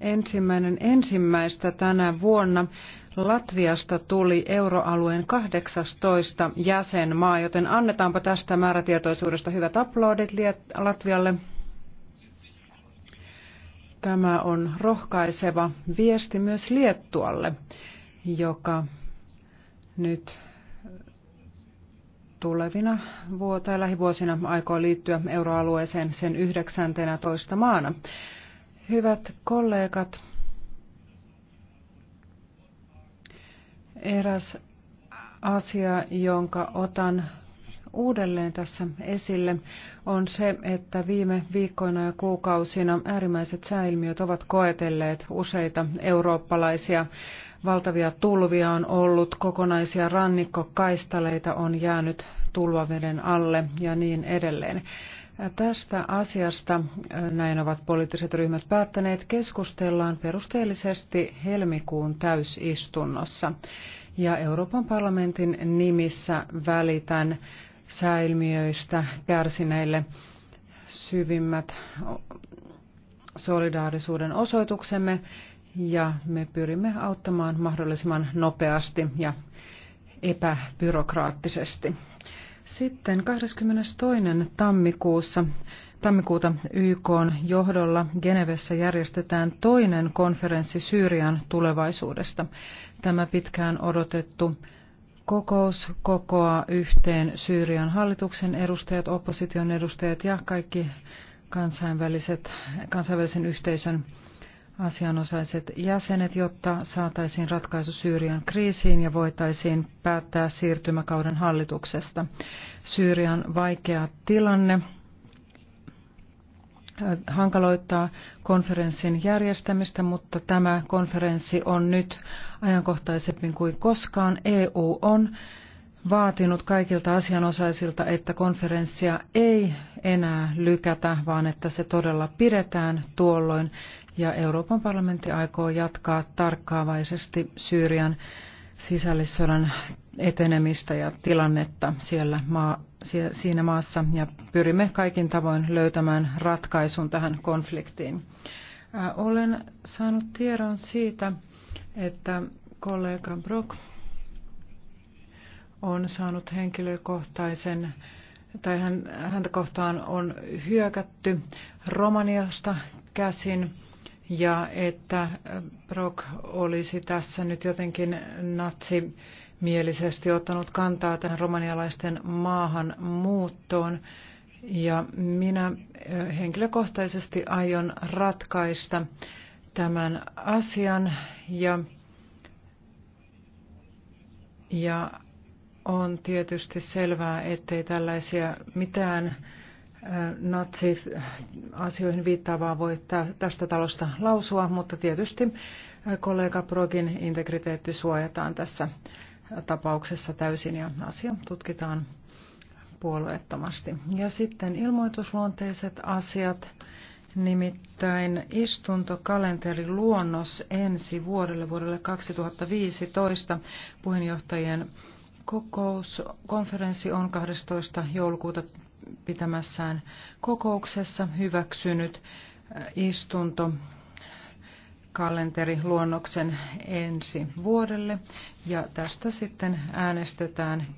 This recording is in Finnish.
ensimmäinen ensimmäistä tänä vuonna Latviasta tuli euroalueen 18 jäsenmaa, joten annetaanpa tästä määrätietoisuudesta hyvät aplodit Latvialle. Tämä on rohkaiseva viesti myös Liettualle, joka nyt tulevina vuo- tai lähivuosina aikoo liittyä euroalueeseen sen 19 maana. Hyvät kollegat, eräs asia, jonka otan uudelleen tässä esille, on se, että viime viikkoina ja kuukausina äärimmäiset sääilmiöt ovat koetelleet useita eurooppalaisia. Valtavia tulvia on ollut, kokonaisia rannikkokaistaleita on jäänyt tulvaveden alle ja niin edelleen. Tästä asiasta äh, näin ovat poliittiset ryhmät päättäneet keskustellaan perusteellisesti helmikuun täysistunnossa. Ja Euroopan parlamentin nimissä välitän säilmiöistä kärsineille syvimmät solidaarisuuden osoituksemme ja me pyrimme auttamaan mahdollisimman nopeasti ja epäbyrokraattisesti. Sitten 22. tammikuussa tammikuuta YK johdolla Genevessä järjestetään toinen konferenssi Syyrian tulevaisuudesta. Tämä pitkään odotettu kokous kokoaa yhteen Syyrian hallituksen edustajat, opposition edustajat ja kaikki kansainväliset, kansainvälisen yhteisön asianosaiset jäsenet, jotta saataisiin ratkaisu Syyrian kriisiin ja voitaisiin päättää siirtymäkauden hallituksesta. Syyrian vaikea tilanne äh, hankaloittaa konferenssin järjestämistä, mutta tämä konferenssi on nyt ajankohtaisempi kuin koskaan. EU on vaatinut kaikilta asianosaisilta, että konferenssia ei enää lykätä, vaan että se todella pidetään tuolloin. Ja Euroopan parlamentti aikoo jatkaa tarkkaavaisesti Syyrian sisällissodan etenemistä ja tilannetta siellä maa, siinä maassa ja pyrimme kaikin tavoin löytämään ratkaisun tähän konfliktiin. Äh, olen saanut tiedon siitä, että kollega Brock on saanut henkilökohtaisen tai hän, häntä kohtaan on hyökätty Romaniasta käsin ja että Brock olisi tässä nyt jotenkin natsimielisesti ottanut kantaa tähän romanialaisten maahanmuuttoon. Ja minä henkilökohtaisesti aion ratkaista tämän asian ja, ja on tietysti selvää, ettei tällaisia mitään natsi-asioihin viittaavaa voi tästä talosta lausua, mutta tietysti kollega Progin integriteetti suojataan tässä tapauksessa täysin ja asia tutkitaan puolueettomasti. Ja sitten ilmoitusluonteiset asiat, nimittäin istuntokalenteriluonnos ensi vuodelle, vuodelle 2015, puheenjohtajien Kokouskonferenssi on 12. joulukuuta pitämässään kokouksessa hyväksynyt äh, istunto kalenteriluonnoksen ensi vuodelle ja tästä sitten äänestetään